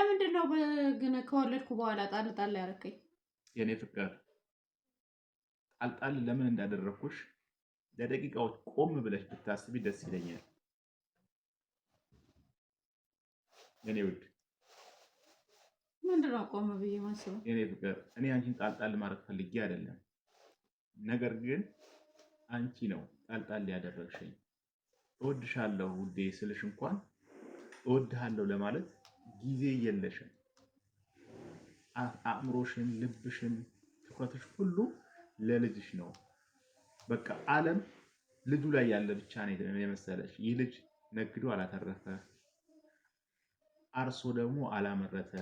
ለምንድን ነው ግን ከወለድኩ በኋላ ጣል ጣል ያደረከኝ? የኔ ፍቅር ጣል ጣል ለምን እንዳደረኩሽ ለደቂቃዎች ቆም ብለሽ ብታስቢ ደስ ይለኛል። የኔ ውድ ምንድነው ቆም ብዬ ማስበው? የኔ ፍቅር እኔ አንቺን ጣል ጣል ማድረግ ፈልጌ አይደለም፣ ነገር ግን አንቺ ነው ጣል ጣል ያደረግሽኝ። እወድሻለሁ ውዴ ስልሽ እንኳን እወድሃለሁ ለማለት ጊዜ የለሽም። አእምሮሽን፣ ልብሽን፣ ትኩረትሽ ሁሉ ለልጅሽ ነው። በቃ ዓለም ልጁ ላይ ያለ ብቻ ነው የመሰለሽ። ይህ ልጅ ነግዶ አላተረፈ፣ አርሶ ደግሞ አላመረተ።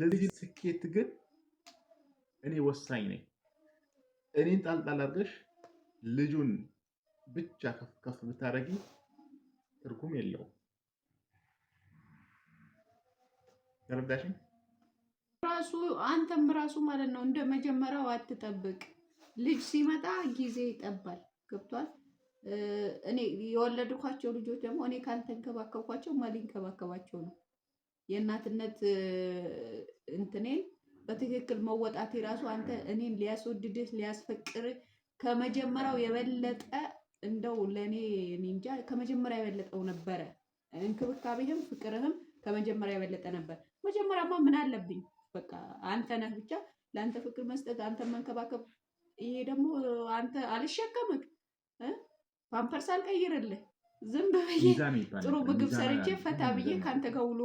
ለልጅ ስኬት ግን እኔ ወሳኝ ነኝ። እኔን ጣልጣል አድርገሽ ልጁን ብቻ ከፍ ከፍ ብታደርጊ ትርጉም የለውም። ረዳሽኝ ራሱ አንተም ራሱ ማለት ነው። እንደ መጀመሪያው አትጠብቅ። ልጅ ሲመጣ ጊዜ ይጠባል። ገብቷል። እኔ የወለድኳቸው ልጆች ደግሞ እኔ ካልተንከባከብኳቸው ማን ሊንከባከባቸው ነው? የእናትነት እንትኔን በትክክል መወጣት የራሱ አንተ እኔን ሊያስወድድህ ሊያስፈቅር ከመጀመሪያው የበለጠ እንደው ለእኔ እንጃ ከመጀመሪያ የበለጠው ነበረ እንክብካቤህም ፍቅርህም ከመጀመሪያ የበለጠ ነበር። መጀመሪያማ ምን አለብኝ በቃ አንተ ነህ ብቻ ለአንተ ፍቅር መስጠት፣ አንተ መንከባከብ። ይሄ ደግሞ አንተ አልሸከምህ፣ ፓምፐርስ አልቀይርልህ፣ ዝም ብዬ ጥሩ ምግብ ሰርቼ ፈታ ብዬ ከአንተ ጋር ውሎ